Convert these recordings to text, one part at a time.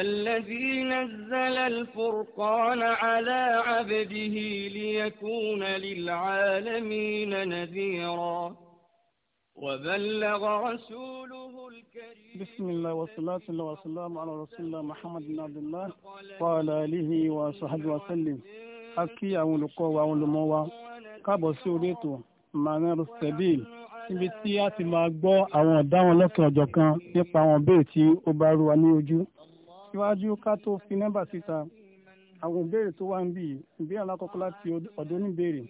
الذي نزل الفرقان على عبده ليكون للعالمين نذيرا وبلغ رسوله الكريم بسم الله والصلاة والسلام على رسول الله محمد بن عبد الله وعلى آله وصحبه وسلم أكي àwọn قوة wa موة كابو wa káàbọ̀ sí orí ètò manero sebil níbi tí a ti máa gbọ́ àwọn ọ̀daràn lọ́kàn kan nípa àwọn bẹ́ẹ̀ tí ó ní ojú síwájú ká tó fi nọ́mbà síta àwọn ìbéèrè tó wá ń bì ìbéèrè alákọ̀ọ́kọ́ láti ọ̀dọ́ oníbèrè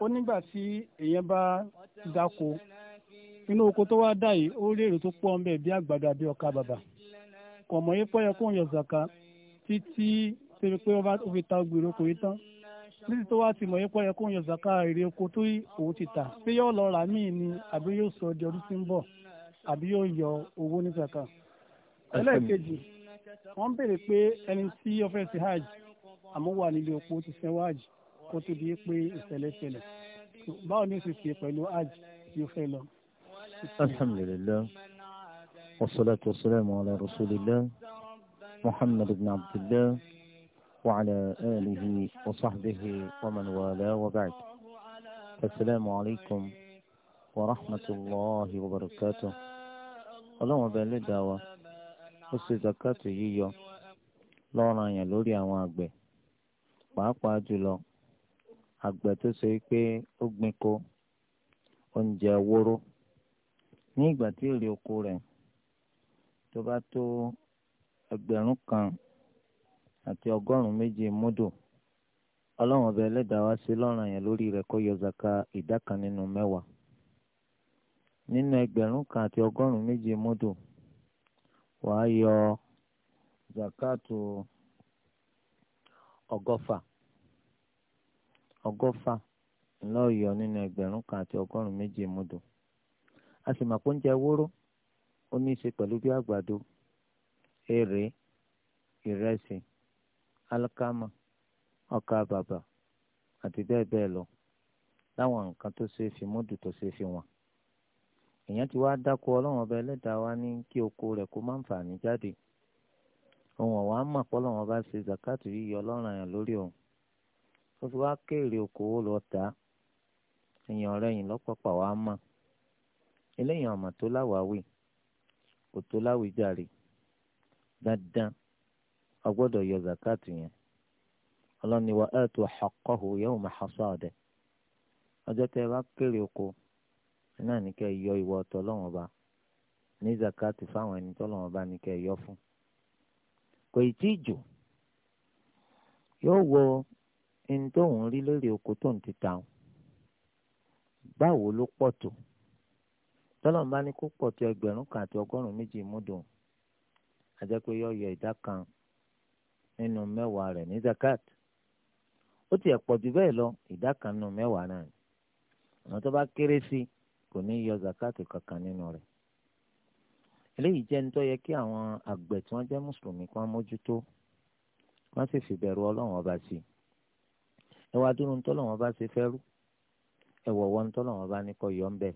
ó nígbà tí èèyàn bá dáko inú oko tó wá dà yìí ó rí èrè tó pọ̀ ńbẹ̀ bí àgbàdo àbí ọkà bàbà kọ̀mọ̀ yìí pọ̀ yẹ kó ń yọ zàká títí ṣe pé ó fi ta gbèrè oko yìí tán títí tó wá ti mọ̀ yìí pọ̀ kó ń yọ zàká èrè oko tó òun ti tà ṣé yóò lọ rà míì ni àbí yóò sọ di ọdún tí ń bọ̀ àbí yóò yọ owó ní zàká. ẹlẹ́ẹ̀kejì wọ́n béèrè pé ẹni tí ó fẹ́ ṣe hajj àmọ́ wà nílé opó ti fẹ́ wájì kó tó di pé ìṣẹ̀lẹ̀ ṣẹlẹ̀ báwo ni ó sì ṣe pẹ̀lú hajj tí ó fẹ́ lọ. alhamdulilayi wasalaatu wasalaamu ala rasulillah muhammad ibn abdillah wa ala alihi wa sahbihi wa man wala wa ba'd asalaamu alaykum wa rahmatulahi wa barakatuh ọlọ́run ọba ẹlẹ́dàá wa. ó ṣe zakatu yíyọ lọ́ràn yẹn lórí àwọn àgbẹ̀ pàápàá jùlọ àgbẹ̀ tó ṣe pé ó gbìn kó oúnjẹ wóró ní ìgbà tí èrè oko rẹ̀ tó bá tó ẹgbẹ̀rún kan àti ọgọ́rùn-ún méjì múdù ọlọ́run ọba ẹlẹ́dàá wá sí lọ́ràn yẹn lórí rẹ̀ kó yọ zaka ìdá kan nínú mẹ́wàá nínú ẹgbẹ̀rún kan àti ọgọ́rùn-ún wàá yọ zakatu ọgọ́fà ọgọ́fà ńlọ́ọ̀yọ́ nínú ẹgbẹ̀rún kan àti ọgọ́rùn-ún méjì a sì mọ̀ pé oúnjẹ wóró ó ní í ṣe pẹ̀lú bí àgbàdo erè ìrẹsì alikama ọkà bàbà àti bẹ́ẹ̀ bẹ́ẹ̀ lọ láwọn nǹkan tó ṣeé fi múdù tó ṣeé fi wọ̀n. èèyàn ti wá dáko ọlọ́run ọba ẹlẹ́dàá wa ní kí oko rẹ̀ kó má ń fààní jáde òun ọ̀wá mọ̀ pọ́lọ́run ọba ṣe zakatu yíyọ ọlọ́run àyàn lórí òun ó fi wá kéèrè okòwò lọ tà á èèyàn ọ̀rẹ́ yìí lọ́pọ̀pọ̀ wá mọ̀ eléyìí ọ̀mọ̀ tó láwàáwì kò tó láwìjàre dandan a yọ zakatu yẹn ọlọ́ni wa ẹ̀ tó haqqahu yawma hasade ọjọ́ tẹ́ ẹ bá kéèrè oko náà ní kẹ́ ẹ yọ ìwọ ọ̀tọ̀ ba ní zakati fáwọn ẹni tọ́lọ́wọ́n ba ní kẹ́ ẹ yọ fún. kò ì tí ì jò yóò wọ ẹni tó ń rí lórí oko tó ń ti ta ọ báwo ló pọ̀ tó tọ́lọ́wọ́n bá ní kó pọ̀ tó ẹgbẹ̀rún kan àti ọgọ́rùn-ún méjì múdùn àjẹpé yọ yọ ìdá kan nínú mẹ́wàá rẹ̀ ní zakat ó ti ẹ̀ pọ̀ jù bẹ́ẹ̀ lọ ìdá kan nínú mẹ́wàá náà ọ̀nà tó bá kéré sí i kò ní yọ zakati kankan nínú rẹ̀ eléyìí jẹ́ ní tó yẹ kí àwọn àgbẹ̀ tí wọ́n jẹ́ mùsùlùmí kan mójútó wọ́n sì fìbẹ̀rù ọlọ́run ọba sí i ẹ wá dúró ní tọ́lọ́run ọba ṣe fẹ́ rú ẹ wọ̀wọ́ ní tọ́lọ́run ọba ní kọ́ yọ ń bẹ̀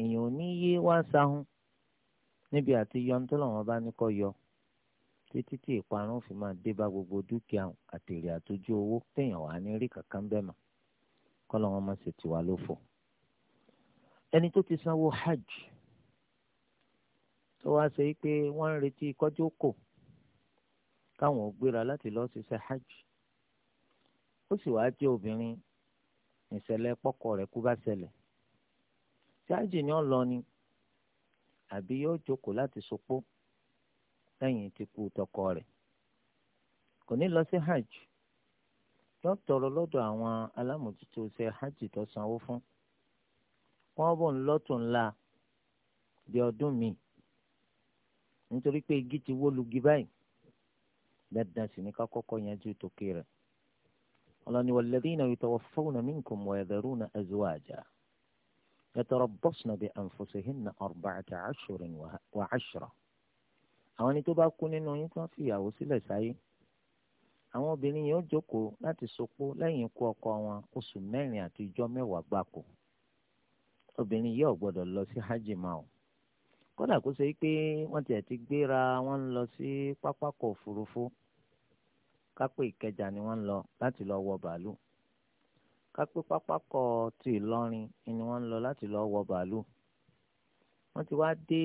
èèyàn ò ní yé wá sáhùn níbi àti yọ ní tọ́lọ́run ọba ní kọ́ yọ títí tí ìparun fi máa dé bá gbogbo dúkìá àtèrè àtòjú owó téèyàn wà ní rí kankan bẹ́ẹ̀ mà kọ́lọ́run ọmọ sì ti wà ẹni tó ti sanwó hajj tó wá ṣe pé wọ́n ń retí kọ́jọ́ kò káwọn ò gbéra láti lọ́ọ́ ṣiṣẹ́ hajj ó sì wáá jẹ́ obìnrin ìṣẹ̀lẹ̀ pọ́kọ rẹ̀ kú bá ṣẹlẹ̀ tí hajj ni ó lọ ni àbí yóò jókòó láti sopó lẹ́yìn tí kú tọkọ rẹ̀ kò ní lọ sí hajj yóò tọrọ lọ́dọ̀ àwọn alámòjútó ṣe hajj tó sanwó fún wọ́n bọ̀ ń lọ́tún ńlá di ọdún mi nítorí pé igi ti wó lugi báyìí dandan sì ní ká kọ́kọ́ yanjú tòkè rẹ̀ ọlọ́ni walladhina yutawaffawna minkum wa yadharuna azwaja yatarabbasna bi anfusihinna arba'ata ashhurin wa ashra àwọn ẹni tó bá kú nínú yín tí wọ́n fi ìyàwó sílẹ̀ sáyé àwọn obìnrin yẹn ó jókòó láti sopó lẹ́yìn ikú ọkọ wọn oṣù mẹ́rin àti ijọ́ mẹ́wàá gbáko obìnrin yìí ò gbọ́dọ̀ lọ sí hajj ma o kódà kó ṣe pé wọ́n tiẹ̀ ti gbéra wọ́n ń lọ sí pápákọ̀ òfurufú kápẹ́ ìkẹjà ni wọ́n ń lọ láti lọ wọ bàálù kápẹ́ pápákọ̀ ti ìlọrin ni wọ́n ń lọ láti lọ wọ bàálù wọ́n ti wá dé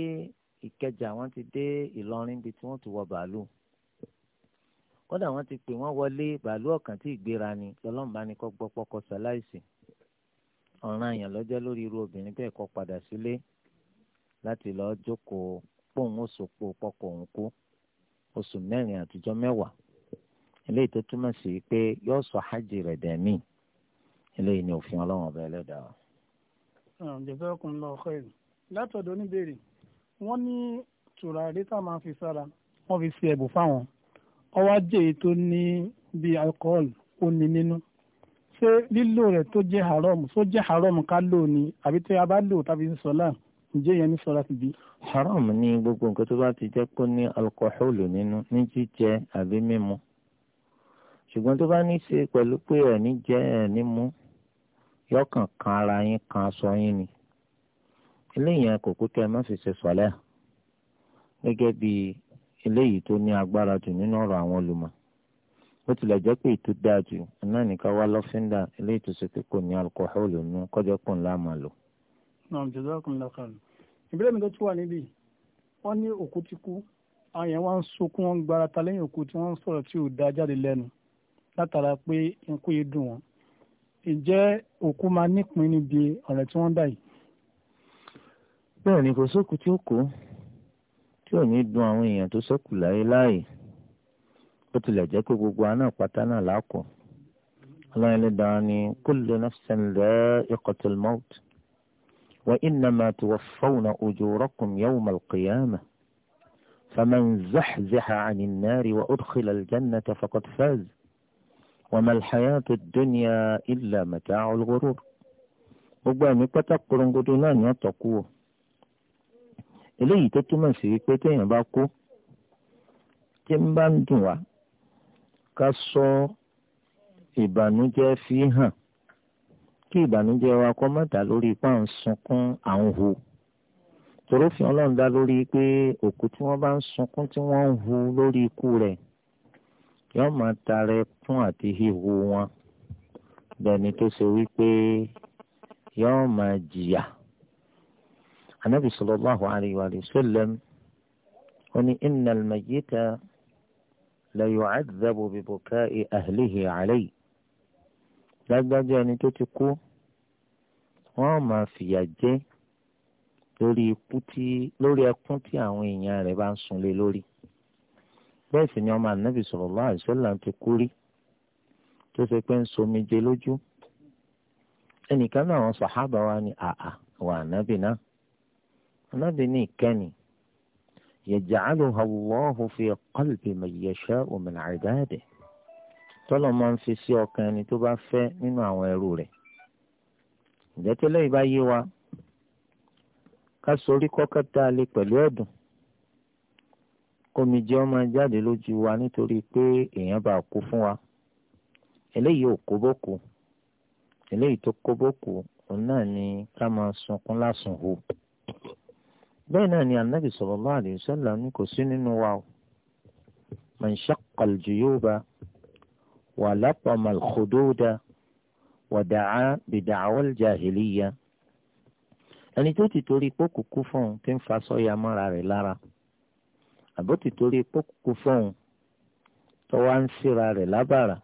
ìkẹjà wọ́n ti dé ìlọrin bíi tí wọ́n ti wọ bàálù kódà wọ́n ti pè wọ́n wọlé bàálù ọ̀kàn tí ìgbéra ni lọ́lọ́mùbá ni kọ́ gbọ́ pọ́kọ́ sọ láìsí ọ̀ràn àyàn lọ́jọ́ lórí irú obìnrin bẹ́ẹ̀ kó padà sílé láti lọ́ọ́ jókòó póun ó sòpò pọ́kọ̀ òun kú oṣù mẹ́rin àtijọ́ mẹ́wàá eléyìí tó túmọ̀ sí pé yóò sọ hajj rẹ̀ dẹ̀mí eléyìí ni òfin ọlọ́run ọba ẹlẹ́dàá. ǹjẹ́ ọkùnrin lọ ọkọ ẹ̀ látọ̀dọ̀ oníbèrè wọ́n ní tùràrí tá a máa fi sára wọ́n fi ṣe ẹ̀bùn fáwọn ọwọ́ ajé tó ní bíi alcohol ó ní nínú ṣé lílò rẹ̀ tó jẹ́ haram tó jẹ́ haram ká lò ní àbí tí a bá lò tàbí sọ́lá ǹjẹ́ yẹn ní sọ́lá ti bí. haram ni gbogbo nǹkan tó bá ti jẹ́ kó ní alukóhólù nínú ní jíjẹ àbí mímu ṣùgbọ́n tó bá ní í ṣe pẹ̀lú pé ẹ̀ní jẹ́ ẹ̀ní mú yọkàn kan ara yín kan aṣọ yín ni eléyìí kò kú kẹ́ ẹ má fi ṣe sọ́lá gẹ́gẹ́ bí eléyìí tó ní agbára jù nínú ọ̀rọ̀ àwọn olùmọ̀ bó tilẹ̀ jẹ́ pé ètò dáa jù náà nìkan wá lọ́fíńdà eléyìí tó ṣe pé kò ní alukóhólù nù kọjọ́ pọ̀ ńlá máa lò. náà jazakumullahu khairan ìbílẹ̀ mi tó tún wà níbí wọ́n ní òkú ti kú àwọn yẹn wá ń sunkún wọn gbára ta lẹ́yìn òkú tí wọ́n ń sọ̀rọ̀ tí ò da jáde lẹ́nu látara pé nkú yìí dùn wọn ǹjẹ́ òkú máa nípìn níbi ọ̀rẹ́ tí wọ́n dà yìí. bẹ́ẹ̀ ni kò sókù tí ó kó tí bó tilẹ̀ jẹ́ pé gbogbo àná pátá náà lákò ọlọ́run ẹlẹ́dàá ni kúlù kullu nafsin dha'iqatul maut wa innama tuwaffawna ujurakum yawmal qiyamah faman zahziha àní nari wa udkhila jẹ́nà jannata faqad faz wama al-hayatu ad-dunya illa mata'ul ghurur gbogbo àmì pátá korongodo náà ni ọ̀tọ̀ kú o eléyìí tó túmọ̀ sí pé téèyàn bá kú tí ń bá ń dùn wá ká sọ ìbànújẹ́ fi hàn kí ìbànújẹ́ wa kọ́ má dà lórí ipá ń sunkún à ń hu tòrófin ọlọ́run dá lórí pé òkú tí wọ́n bá ń sunkún tí wọ́n ń hu lórí ikú rẹ̀ yóò máa tara ẹkún àti híhu wọn bẹ́ẹ̀ni tó ṣe wípé yóò máa jìyà anabi sallallahu alayhi wa sallam ó ní innal mayyita. ليعذب ببكاء أهله عليه lágbájá ẹni tó ti kú wọ́n máa fìyà jẹ lórí ikú tí lórí ẹkún tí àwọn èèyàn rẹ̀ bá ń sunlé lórí bẹ́ẹ̀ sì ni ọmọ ànábì sallallahu alaihi wasallam ti kú rí tó ṣe pé ń somijé lójú ẹnìkan náà àwọn sàhábà wa ni àà wà ànábì náà ànábì ní ìkẹ́ni yaj'aluha الله في قلب من يشاء من 'ibadihi tọ́lọ̀ máa ń fi sí ọkàn ẹni tó bá fẹ́ nínú àwọn ẹrú rẹ̀ ǹjẹ́ tẹ́lẹ̀ yìí bá yé wa ká sorí kọ́kọ́ tá a lè pẹ̀lú ẹ̀dùn omijé ọmọ jáde lójú wa nítorí pé èèyàn bá kú fún wa eléyìí ò kó bókù eléyìí tó kó bókù òun náà ni ká máa sunkún lásùn bẹ́ẹ̀ náà ni anabi sallallahu alayhi wa sallam ní kò sí nínú wa o man shaqqa al-juyuba wa latama al-khududa wa da'a bi da'wa al-jahiliyya ẹni tó ti torí pókùkù fún un ti ń fa sọ́yà mọ́ra rẹ̀ lára àbó ti torí pókùkù fún tó wá ń síra rẹ̀ lábàrà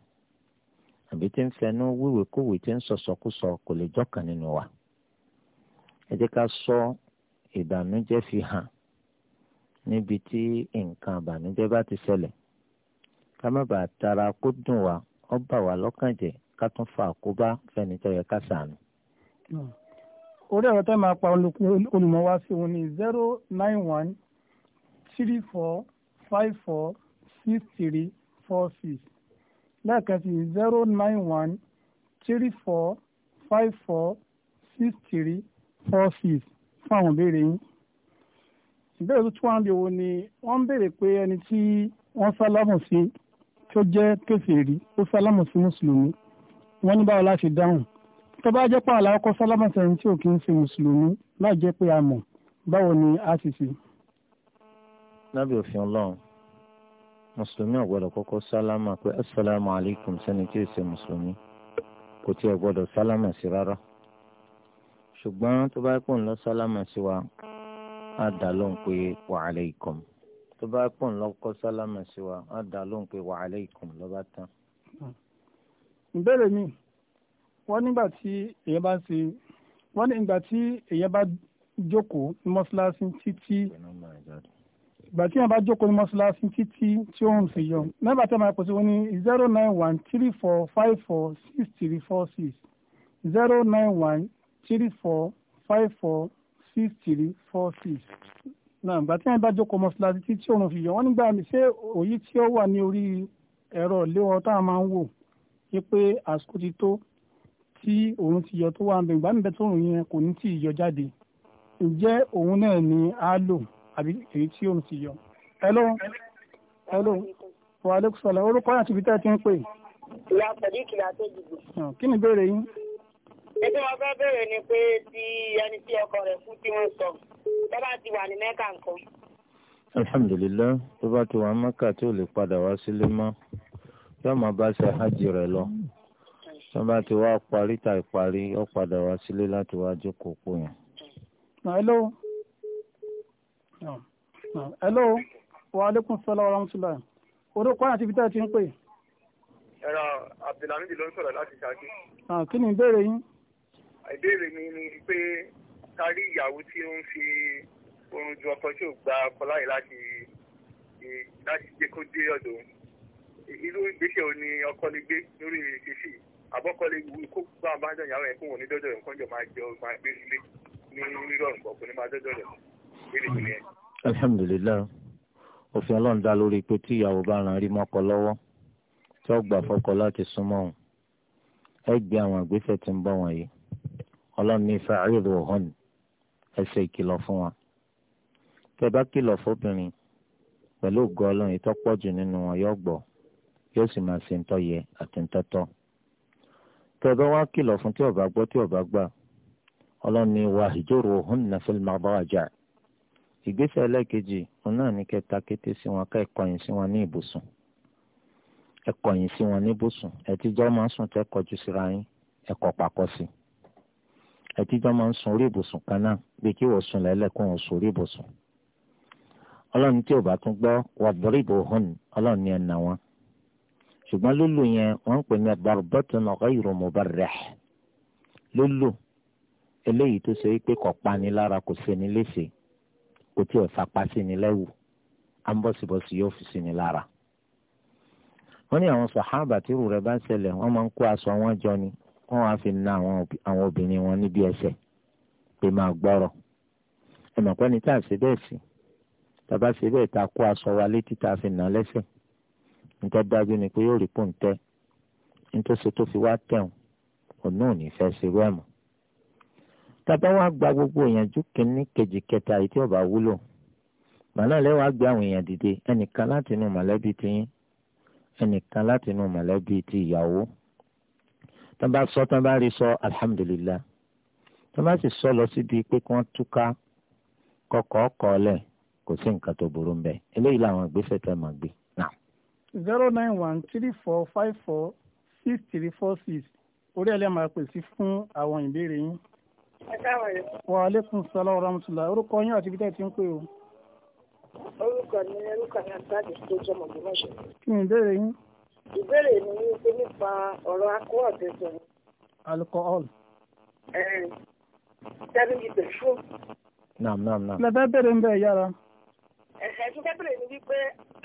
àbí tí ń fẹnu wíwèkúwè tí ń sọ̀sọ̀kúsọ kò lè jọ́kàn nínú wa. ẹ jẹ́ ká sọ ìbànújẹ́ fi hàn níbi tí nǹkan ìbànújẹ́ bá ti ṣẹlẹ̀ ká má bàa tara kó dùn wá ó bà wá lọ́kàn jẹ́ ká tún fa àkóbá fẹ́ni tó yẹ ká ṣàánú. orí ẹ̀rọ tẹ́ máa pa olùmọ̀ wá sí òun ní zero nine one three four five four six three four six lẹ́ẹ̀kan zero nine one three four five four six three four six fún àwọn ìbéèrè yín ìbéèrè tó tún wá ń bí wo ni wọ́n ń béèrè pé ẹni tí wọ́n sálámù sí tó jẹ́ kèfèrí ó sálámù sí mùsùlùmí wọ́n ní báwo láti dáhùn tó bá jẹ́ pé àlàkọ́ sálámù sẹ́yìn tí ò kí ń ṣe mùsùlùmí láì jẹ́ pé a mọ̀ báwo ni a sì ṣe. lábẹ́ òfin ọlọ́run mùsùlùmí ò kọ́kọ́ sálámà pé asalaamualeykum sẹ́ni tí ì ṣe mùsùlùmí kò tí ò gbọ́dọ̀ sálámà sí rárá ṣùgbọ́n tó bá pọ̀ ń lọ sálámà sí wa á dá lóhùn pé wa alaykum tó bá pọ̀ ń lọ kọ́ sálámà sí wa á dá lóhùn pé wa alaykum lọ́ba tán. ìbéèrè mi wọ́n nígbà tí èèyàn bá ń ṣe wọ́n ní ìgbà tí èèyàn bá jókòó ní mọ́ṣáláṣí títí ìgbà tí èèyàn bá jókòó ní mọ́ṣáláṣí títí tí ó ń fi yọ nọ́mbà tí a máa pèsè wọ́n ní zero nine one three four five four six three four six zero nine one three four five four six three four six náà ìgbà tí wọn bá jókòó mọ́ṣáláṣí tí tí òun fi yọ wọn nígbà mi ṣé òyì tí ó wà ní orí ẹ̀rọ ìléwọ́ tá a máa ń wò yí pé àsìkò ti tó tí òun ti yọ tó wà ń bẹ ìgbà níbẹ̀ tó òun yẹn kò ní tí ì yọ jáde ǹjẹ́ òun náà ni a lò àbí èyí tí òun ti yọ. hello hello wa aleykum salaam orúkọ yàtúbí tẹ́ ẹ ti ń pè. ìyá pẹ̀lú ìkìlá kí ni ìbéèrè yín ètò wọn fẹ́ ni pé tí ẹni tí ọkọ rẹ̀ kú tí wọ́n sọ tó bá ti wà ní mẹ́kà nǹkan. alhamdulillah tó bá ti wà ní mẹ́kà tí ò lè padà wá sílé mọ́ yóò máa bá ṣe hajj rẹ̀ lọ tó bá ti wá parí tàì parí ó padà wá sílé láti wá jókòó pò yẹn. hello hello wa aleykum salaam wa rahmatulah orúkọ àti peter ti ń pè. ẹ̀rọ abdulhamid ló ń sọ̀rọ̀ láti ṣáájú. Ah, kí ni ìbéèrè yín ìbéèrè mi ni pé kárí ìyàwó tí ó ń fi oorun ju ọkọ tí ò gba ọkọ láyè láti láti jẹ kó dé ọ̀dọ̀ irú ìgbésẹ̀ ò ní ọkọ lè gbé lórí ìṣesí àbọkọ lè wú kó bá a bá dàn yàrá ẹ fún òní dọdọ rẹ kọjọ máa jẹ ọgbà gbé sílé ní rírọrùn pọ kò ní máa dọdọ rẹ lórí ìpínlẹ̀. alhamdulilayi òfin ọlọ́run dá lórí pé tí ìyàwó bá ran rí mọ́kọ lọ́wọ́ tí ó gbà láti súnmọ́ òun ẹ àwọn ìgbésẹ̀ tí ń bọ̀ wọ̀nyí ọlọ́ni fàáyìrò hàn ẹsẹ̀ ìkìlọ̀ fún wa. tẹ́ bá kìlọ̀ fóbìnrin pẹ̀lú ògùn ọlọ́run tó pọ̀ jù nínú wọn yóò gbọ́ yóò sì máa ṣe ń tọ́ yẹ àti ń tọ́tọ́. tẹ́ bá wá kìlọ̀ fún tí ó bá gbọ́ tí ó gbà ọlọ́ni wa ìjòrò hàn nàfẹ́lì máa bá wà jà. ìgbésẹ̀ ẹlẹ́ẹ̀kejì òun náà ní kẹta kété sí wọn ká ẹ̀kọ́yìn sí wọn ní ibùsùn ẹ̀kọ́yìn sí wọn ní ibùsùn ẹ̀tíjọ́ ẹtí tó máa ń sun orí ìbùsùn kan náà bí kí wọ́n sun lẹ́lẹ̀ kó wọ́n sun orí ìbùsùn. ọlọ́run tí ò bá tún gbọ́ wàdúrà ìbò hàn ọlọ́run ni ẹ̀ nà wọ́n. ṣùgbọ́n lólu yẹn wọ́n ń pè ní darbatun ghayru mubarrih lólu eléyìí tó ṣe wípé kò pani lára kò ṣeni léṣe kò tí ò sapá sí ni lẹ́wù á ń bọ̀sibọ̀sì yóò fi sí ni lára. wọ́n ní àwọn wọ́n wá fi na àwọn obìnrin wọn níbi ẹsẹ̀ pé máa gbọ́rọ̀ ẹ̀mọ̀pẹ́ ni tá a ṣe bẹ́ẹ̀ sí tàbá ṣe bẹ́ẹ̀ ta kó aṣọ wa létí tá a fi nà lẹ́sẹ̀ nítorí dájú ni pé yóò rí pòǹtẹ́ nítòsí tó fi wá tẹ̀wọ̀n òun náà ní fẹ́ ṣerú ẹ̀ mọ́ tàbá wá gba gbogbo ìyànjú kínní kejì kẹta yìí tí ọba wúlò màlá lẹ́wàá gbé àwọn èèyàn dìde ẹnìkan láti inú mọ̀lẹ́bí tiyín ẹnìkan láti inú mọ̀lẹ́bí ti ìyàwó tó bá sọ tó bá rí sọ alihamudulilayi tó bá sì sọ lọ síbi pé kí wọ́n túká kọkọ kọlẹ̀ kò sí nǹkan tó burú ń bẹ̀ eléyìí làwọn ìgbésẹ̀ tẹ́ máa gbé náà. zero nine one three four five four six three four six orí ẹ̀lẹ́ máa pèsè fún àwọn ìbéèrè yín. wa aleykum salaam wa rahmatulah orúkọ yín àti bíta ti ń pè o. orúkọ mi orúkọ mi àti báàgì tó jẹ́ mọ̀gbọ́n ṣe. kí ni ìbéèrè yín ìbéèrè mi ni pé nípa ọ̀rọ̀ alcohol tẹ sọ. alcohol. seven litre fún. naam naam naam. lẹ́fẹ̀ẹ́ bèrè ń bẹ̀ yára. ẹ̀sẹ̀ tí fẹ́ bèrè ni wípé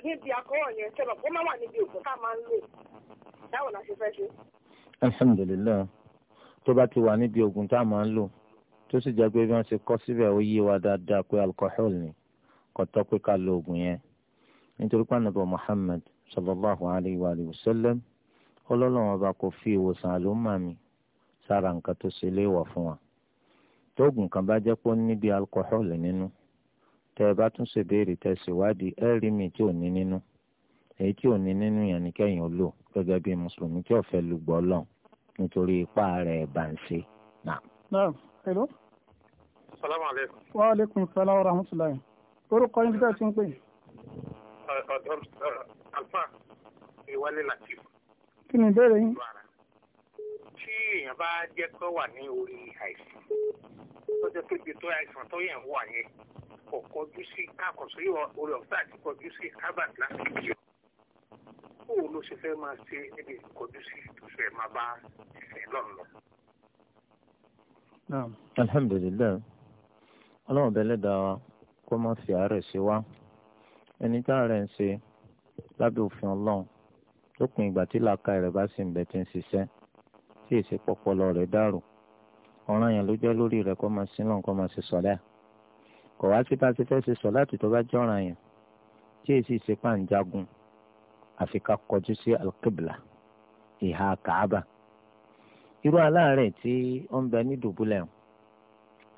níbi alcohol yẹn sẹ́nà kó má wà níbi òkú ká máa ń lò báwo la ṣe fẹ́ ṣe. alhamdulilayi tó bá ti wà níbi oògùn tá a máa ń lò tó sì jẹ́ pé bí wọ́n ṣe kọ́ síbẹ̀ ó yé wa dáadáa pé alcohol ni kò tọ́ pé ká lo oògùn yẹn nítorí pé ànábì Muhammad sallallahu alayhi wa sallam ọlọ́lọ́wọ́n ọba kò fi ìwòsàn àlùmọ́ mi sára nǹkan tó ṣe léèwọ̀ fún wa tóògùn kan bá jẹ́ pé níbi alukọ́hólì nínú tẹ́ ẹ bá tún ṣe béèrè tẹ́ ṣe wádìí ẹ rí mi tí ò ní nínú èyí tí ò ní nínú yẹn ni kẹ́yìn ó gẹ́gẹ́ bí mùsùlùmí tí ò fẹ́ lùgbọ́ nítorí ipá rẹ̀ bá ń ṣe náà. náà hello. salaamu aleykum. wa orúkọ yín bí ká ti ń pè. Uh, àlùfáà ìwálé latif. kí ni ìbéèrè yín. tí èèyàn bá jẹ́ pé wà ní orí àìsàn tó jẹ́ pé ibi tó àìsàn tó yẹn wà yẹn kò kọjú sí àkọsọ yóò orí ọ̀fẹ́ àti kọjú sí harvard láti jẹ́ báwo ló ṣe fẹ́ máa ṣe níbi ìkọjú sí ìtòsẹ̀ máa bá ìfẹ́ lọ́nà. alhamdulilayi ọlọ́run bẹ́lẹ̀ dá wa kó má fi àárẹ̀ sí wa ẹni tá a rẹ̀ ń ṣe lábẹ́ òfin ọlọ́run lópin ìgbà tí làákà rẹ̀ bá sì ń bẹ tí ń ṣiṣẹ́ tí èsì pọpọlọ rẹ̀ dàrú ọ̀ràn yẹn ló jẹ́ lórí rẹ̀ kó máa sin náà kó máa ṣe sọ̀lá kò wá sí bá ti fẹ́ ṣe sọ̀lá tó bá jẹ́ ọ̀ràn yẹn tí èsì ìṣepá ń jagun àfi ká kọjú sí alqibla ìhà kàába irú aláàárẹ̀ tí ó ń bẹ ní dùbúlẹ̀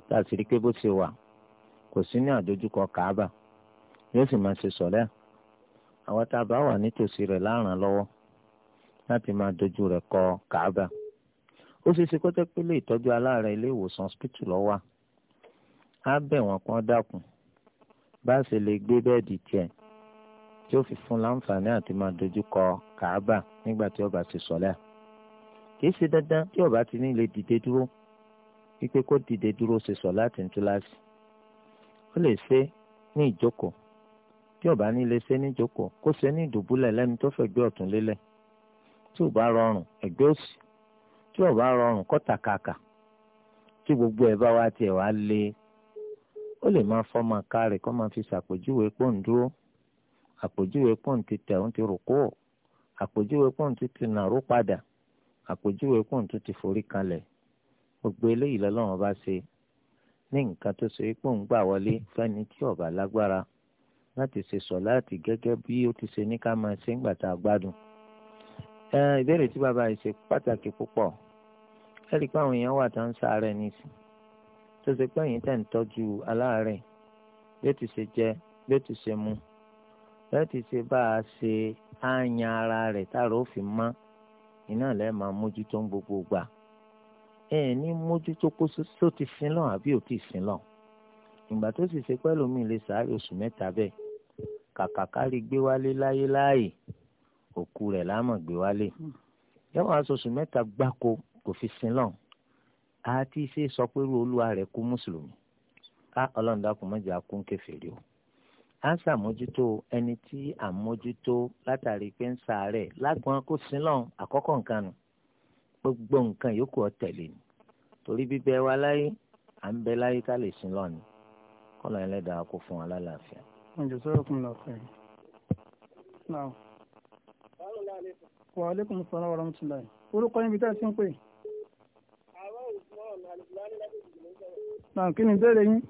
tá a sì rí pé bó ṣe wà kò sí ní àdójúkọ kàába yóò sì máa ṣe sọ̀lá àwọn tá a bá wà nítòsí rẹ̀ láràn lọ́wọ́ láti máa dojú rẹ̀ kọ Kaaba ó ṣe ṣe kọ́tẹ́ pé lè tọ́jú aláàárẹ̀ ilé ìwòsàn hospital lọ́wọ́ á bẹ̀ wọ́n kán dákun bá a ṣe lè gbé bẹ́ẹ̀dì tiẹ̀ tí ó fi fún láǹfààní àti máa dojú kọ Kaaba nígbà tí ó bá ti sọ̀lẹ́ kì í ṣe dandan tí ó bá ti ní lè dìde dúró wípé kó dìde dúró ṣe sọ láti ń túláàsì ó lè ṣe ní ìjókòó tí ọba bá ní lè ṣe ní ìjókòó kó ṣe ní ìdùbúlẹ̀ lẹ́ni tó fẹ̀gbẹ́ ọ̀tún lélẹ̀ tí ò bá rọrùn ẹ̀gbẹ́ òsì tí ò bá rọrùn kọ́tàkàkà tí gbogbo ẹ̀ bá wá tiẹ̀ wá lé ó lè máa fọ́ máa kárẹ̀ kó máa fi ṣàpèjúwe pọ́ùn dúró àpèjúwe pọ́ùn ti tẹ̀ ń ti rùkú àpèjúwe pọ́ùn ti ti nàró padà àpèjúwe pọ́ùn tó ti forí kalẹ̀ gbogbo eléyìí bá ṣe ní nǹkan tó ṣe gbà wọlé láti ṣe sọ̀láàtì gẹ́gẹ́ bí ó ti ṣe ní ká máa ṣe ńgbà tá a gbádùn. ìbéèrè tí bàbá yìí ṣe pàtàkì púpọ̀ ẹ rí i pé àwọn èèyàn wà tó ń ṣàárẹ̀ nísìn tó ṣe pé èyí tẹ̀ ń tọ́jú aláàárẹ̀ bí ó ti ṣe jẹ bí ó ti ṣe mu bí ó ti ṣe bá a ṣe ááyan ara rẹ̀ táàrà ó fi mọ́ iná lẹ́ máa mójútó gbogbo gbà ẹ ní mójútó kó só ti àbí ò ti sin lọ ìgbà tó sì ṣe pẹ́ lómi lè sáré oṣù mẹ́ta bẹ́ẹ̀ kàkà kárí gbé wálé láyé láàyè òkú rẹ̀ láàmọ̀ gbé wálé yẹ́wọ́n aṣoṣù mẹ́ta gbáko kò fi sin lọ́n àti ṣe sọ pé irú olúwa rẹ̀ kú mùsùlùmí ká ọlọ́run dákun mọ́jà kún kẹfẹ́rí o á ṣàmójútó ẹni tí à ń mójútó látàrí pé ń sàárẹ̀ lágbọn kó sin lọ́n àkọ́kọ́ nǹkan nù gbogbo nǹkan yòókù ọ̀tẹ̀lẹ̀ ni torí bíbẹ wa láyé à ń bẹ láyé ká lè sin lọ́n ni ẹlẹ́dàá kó fún wa lálàáfíà jazakum allah khair na'am wa alaikum assalam wa rahmatullahi orúkọ yín bí tá a ti ń pè. àwọn òṣùwọ̀n àlùfáà ní láti ìgbìmọ̀ sọ̀rọ̀. náà kí ni ìbéèrè yín.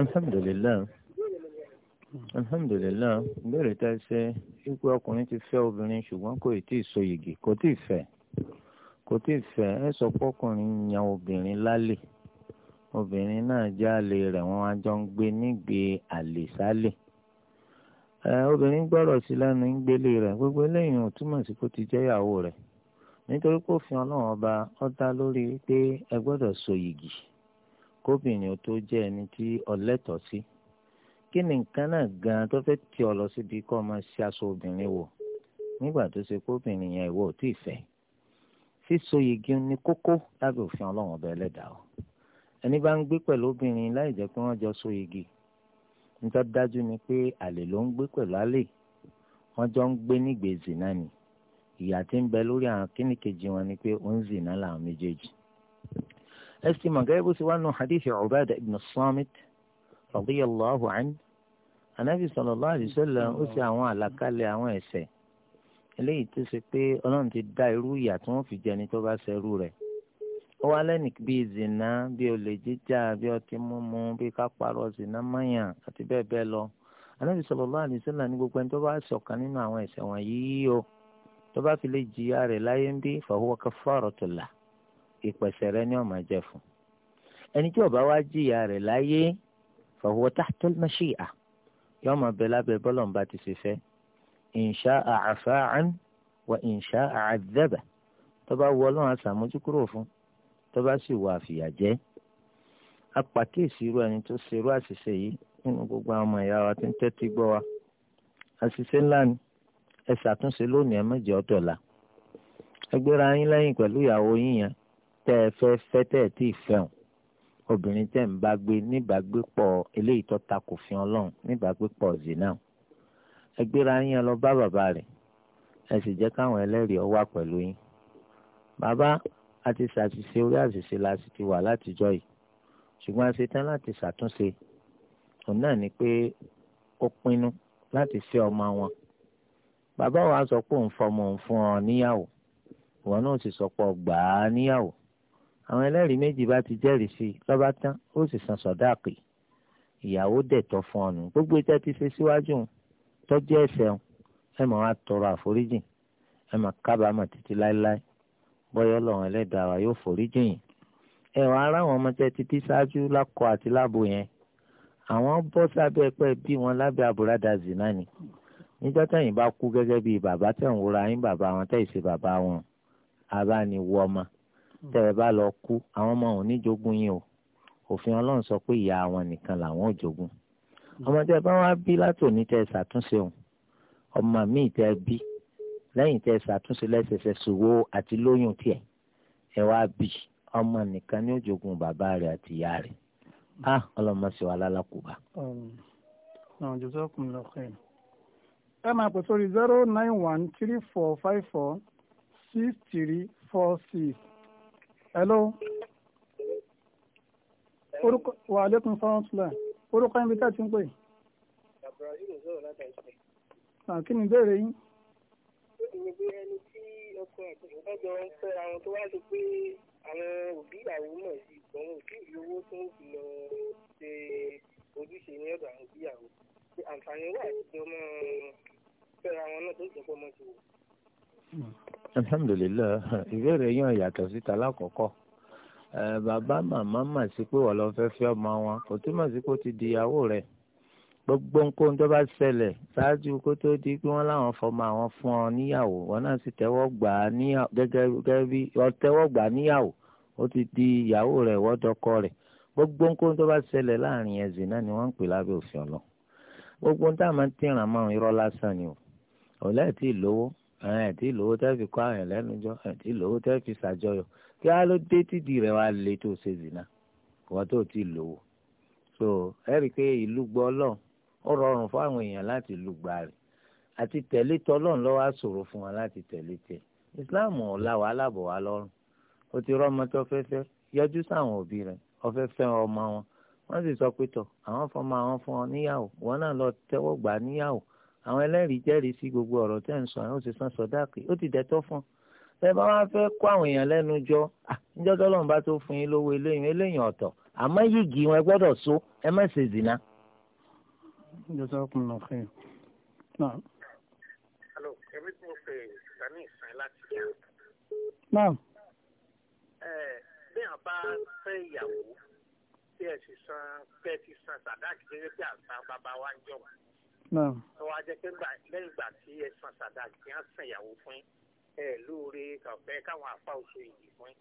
alhamdulilayi alhamdulilayi ìbéèrè tá a ṣe ipò ọkùnrin ti fe obìnrin ṣùgbọ́n kò tí ì so igi kò tí ì kò tí ì ẹ sọ pé ọkùnrin yan obìnrin obìnrin náà já á jọ ń gbé nígbè àlè sálẹ̀ obìnrin gbọ́rọ̀ sí ń gbélé gbogbo eléyìí ò túmọ̀ sí ti je ìyàwó re nítorí pé fi ọlọ́run ọba ó lórí pé ẹ so igi. kóbìnrin ó tó jẹ́ ẹni tí ọlẹ́tọ̀ sí kí ni nǹkan náà gan-an tó fẹ́ tí ọ lọ síbi kọ́ máa ṣe aṣọ obìnrin wò nígbà tó ṣe kóbìnrin yẹn ìwọ ò tí ì fẹ́ sísọ yìgì ní kókó lábẹ́ òfin ọlọ́run ọba ẹlẹ́dàá o ẹni bá ń gbé pẹ̀lú obìnrin láì jẹ́ pé wọ́n jọ so yìgì nítorí dájú ni pé àlè ló ń gbé pẹ̀lú àlè wọ́n jọ ń gbé nígbè zina ni ìyà tí ń bẹ lórí àwọn kíníkejì wọn ni pé ó ń zina làwọn méjèèjì ẹsì mọ̀ gẹ́gẹ́ bó ti wá nù hadith Ubadah ibn Samit radiyallahu anhu anabi sallallahu alaihi wasallam ó ṣe àwọn àlàkalẹ̀ àwọn ẹ̀ṣẹ̀ eléyìí tó ṣe pé ọlọ́run ti dá irú ìyà tí wọ́n fi jẹni tó bá ṣerú rẹ̀ ó wá lẹ́nu bíi zina bíi olè jíjà bíi ọtí mímu bíi kápárọ̀ zina mayàn àti bẹ́ẹ̀ bẹ́ẹ̀ lọ anabi sallallahu alaihi wasallam ní gbogbo ẹni tó bá ṣọ̀kan nínú àwọn ẹ̀ṣẹ̀ wọ̀nyí o tó bá fi lè jìyà rẹ̀ láyé ń fa huwa kafaratul ìpẹ̀sẹ̀ rẹ ni ó máa jẹ fún ẹni tí ó bá wá jìyà rẹ̀ láyé fahuwa tahta al-mashi'a yóò máa bẹ lábẹ́ bọ́lọ̀mbà ti ṣe fẹ́ in sha'a afa an wa in sha'a adhaba tó bá wọ ọlọ́run àṣàmójú kúrò fún tó bá sì wọ àfìyàjẹ́ apàkíyèsí irú ẹni tó ṣe àṣìṣe yìí nínú gbogbo àwọn ọmọ ìyá wa tí ń tẹ́tí gbọ́ wa àṣìṣe ńlá ni ẹ ṣàtúnṣe lónìí ẹ má jẹ́ ọ̀dọ̀la ẹ yín lẹ́yìn pẹ̀lú ìyàwó yín yẹn tẹ́ ẹ fẹ́ fẹ́ tẹ́ ẹ tí ì fẹ́hùn obìnrin tẹ́ ń bá gbé níbàgbépọ̀ eléyìí tó ta kò fi ọlọ́run níbàgbépọ̀ zina ẹ gbéra yín lọ bá bàbá rẹ̀ ẹ sì jẹ́ káwọn ẹlẹ́rìí ọ wà pẹ̀lú yín bàbá a ti ṣàṣìṣe orí àṣìṣe la sì ti wà látijọ́ yìí ṣùgbọ́n a ṣe tán láti ṣàtúnṣe òun náà ni pé ó pinnu láti fẹ́ ọmọ wọn bàbá wa sọ pé òun fọmọ òun fún ọ níyàwó ìwọ náà sì sọ pé ọ á níyàwó àwọn ẹlẹ́rìí méjì bá ti jẹ́rìí sí i lọ́ba tán ó sì san sọ̀dáàkì ìyàwó dẹ̀tọ́ fún ọ̀nù gbogbo ìtẹ́ ti ṣe síwájú tọ́jú ẹ̀ṣẹ̀ ẹ máa wá tọrọ àforíjì ẹ máa kábàámọ̀ títí láéláé bọ́yọ́ lọ́wọ́n ẹlẹ́dàá wa yóò foríjì yìí ẹ wọ ara àwọn ọmọ tẹ títí ṣáájú lákọ àti lábo yẹn àwọn bọ́ sábẹ́ pẹ́ bí wọn lábẹ́ àbúradà zina ni níjọ tẹ̀yìn bá kú gẹ́gẹ́ bíi bàbá tẹ̀ ń wúra yín bàbá wọn tẹ̀ ṣe bàbá wọn abániwọ́ ọmọ tẹ́ ẹ bá lọ kú àwọn ọmọ wọn ní jogún yín o òfin ọlọ́run sọ pé ìyá àwọn nìkan làwọn ò jogún ọmọ tẹ́ ẹ bá wá bí láti òní tẹ́ ẹ ṣàtúnṣe òun ọmọ míì tẹ́ ẹ bí lẹ́yìn tẹ́ ṣàtúnṣe lẹ́sẹsẹ ṣòwò àti lóyún tiẹ̀ ẹ wá bí ọmọ nìkan ní ó jogún bàbá rẹ̀ àti ìyá rẹ̀ á ọlọ́mọ sì wà lálàkùbà. ẹ máa pè sórí zero nine one three four five four six three four six hello orúkọ wa aleykum salaam tula orúkọ yín bí tá a ti ń pè. Ibrahim sọ̀rọ̀ kí ni ìbéèrè yín. ó ti ní bí ẹni tí ọkọ àtìyàn jọ ń fẹ́ àwọn tó wá sí pé àwọn òbí ìyàwó mọ̀ sí ìgbọ̀n òbí ìyówó tó ń fi lọ ṣe ojúṣe ní ọ̀dọ̀ àwọn òbí ìyàwó àǹfààní wà àti ọmọ fẹ́ra wọn náà tó ń jẹ́ pọ́ mọ́ sí wọn alhamdulilayi ìbéèrè yẹn yàtọ̀ síta lákọ̀ọ́kọ́ bàbá màmá mà sí pé wọ́n lọ fẹ́ fẹ́ ọmọ wọn kò túmọ̀ sí kó ti di ìyàwó rẹ̀ gbogbo nǹkan tó bá ṣẹlẹ̀ ṣáájú kó tó di pé wọ́n láwọn fọmọ àwọn fún ọ níyàwó wọn náà sì tẹ́wọ́ gbà á níyàwó gẹ́gẹ́ bí ọ tẹ́wọ́ gbà á níyàwó ó ti di ìyàwó rẹ̀ wọ́dọ̀kọ rẹ̀ gbogbo nǹkan tó bá ṣẹlẹ̀ láàrin ẹ̀sìn náà ni wọ́n ń pè lábẹ́ òfin ọ̀lọ́ gbogbo nǹkan tá a máa ń tẹ̀ràn máa ń irọ́ lásán ni ò ọ̀lẹ́ lówó ẹ̀ tí lówó tẹ́ fi kọ́ àyàn lẹ́nu jọ ẹ̀ tí lówó tẹ́ fi ṣàjọyọ̀ kí á ló dé tìdí rẹ̀ wá lé tó ṣe zìnà wọ́n tó ti lówó so ẹ rí i pé ìlú gbọ́ ọlọ́run ó rọrùn fún àwọn èèyàn láti lu gba rẹ̀ àti tẹ̀lé tọlọ́run ló wá ṣòro fún wa láti tẹ̀lé tẹ̀ islam ọ̀la wà lábọ̀ wá lọ́rùn ó ti rọ́ ọmọ tó fẹ́ fẹ́ yọjú sáwọn òbí rẹ̀ ọfẹ́ fẹ́ ọmọ wọn wọ́n sì sọ pé tọ̀ àwọn fọmọ àwọn fún ọ níyàwó wọn náà lọ tẹ́wọ́ gbà níyàwó àwọn ẹlẹ́rìí jẹ́rìí sí gbogbo ọ̀rọ̀ tẹ́ ń sọ àwọn òsì san sọ̀dáàkì ó ti dẹ́tọ́ fún ẹ bá wá fẹ́ kó àwọn èèyàn lẹ́nu jọ ah, níjọ́ tọ́lọ́run bá tó fún yín lówó eléyìn eléyìn ọ̀tọ̀ àmọ́ yìgì wọn gbọ́dọ̀ so ẹ má ṣe zìnà. jọ́sọ̀ ọkùnrin náà fẹ́ náà. alo èmi tí mo fẹ́ sani ìsàn láti yá. náà. ẹ bí wọn bá fẹ́ ìyàwó tí ẹ sì san bẹ́ẹ̀ ti san sàdáàkì gẹ́gẹ́ bí àṣà bàbá wa ń jọ wọ́n á pé lẹ́yìn ìgbà tí ẹ san sàdáàkì á san ìyàwó fún ẹ lóore kàfẹ́ káwọn àfa oṣù yìí fún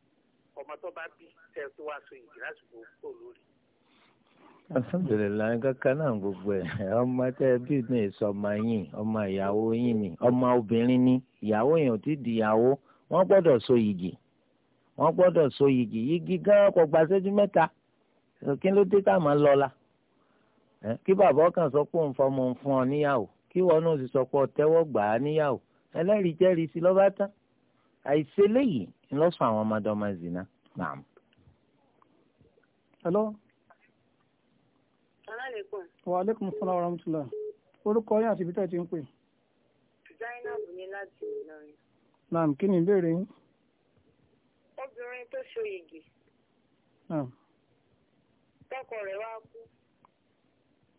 ọmọ tó bá bí tẹ tó wá so yìí lásìkò kó lórí. alhamdulilayi kankan náà gbogbo ẹ ọmọ tẹ bí ní ìsọmọ yín ọmọ ìyàwó yín ni ọmọ obìnrin ni ìyàwó yẹn ò ti di ìyàwó wọ́n gbọ́dọ̀ so yìgì wọ́n gbọ́dọ̀ so yìgì yìgì gan kò gbà kí bàbá kan sọ pé òun fọmọ òun fún ọ níyàwó kí wọn náà sì sọ pé ọ tẹ́wọ́ gbà á níyàwó ẹlẹ́rìí jẹ́rìí sí lọ́ba tán àìṣe léyìí ńlọ́sùn àwọn ọmọdé ọmọ zina naam. hello. salaamaleykum. wa aleykum salaam wa rahmatulah. orúkọ yín àti ibi tẹ́ ẹ ti ń pè. Zainab ni láti Ìlọrin. naam kí ni ìbéèrè yín. obìnrin tó ṣoyìgì. naam. tọkọ rẹ̀ wá kú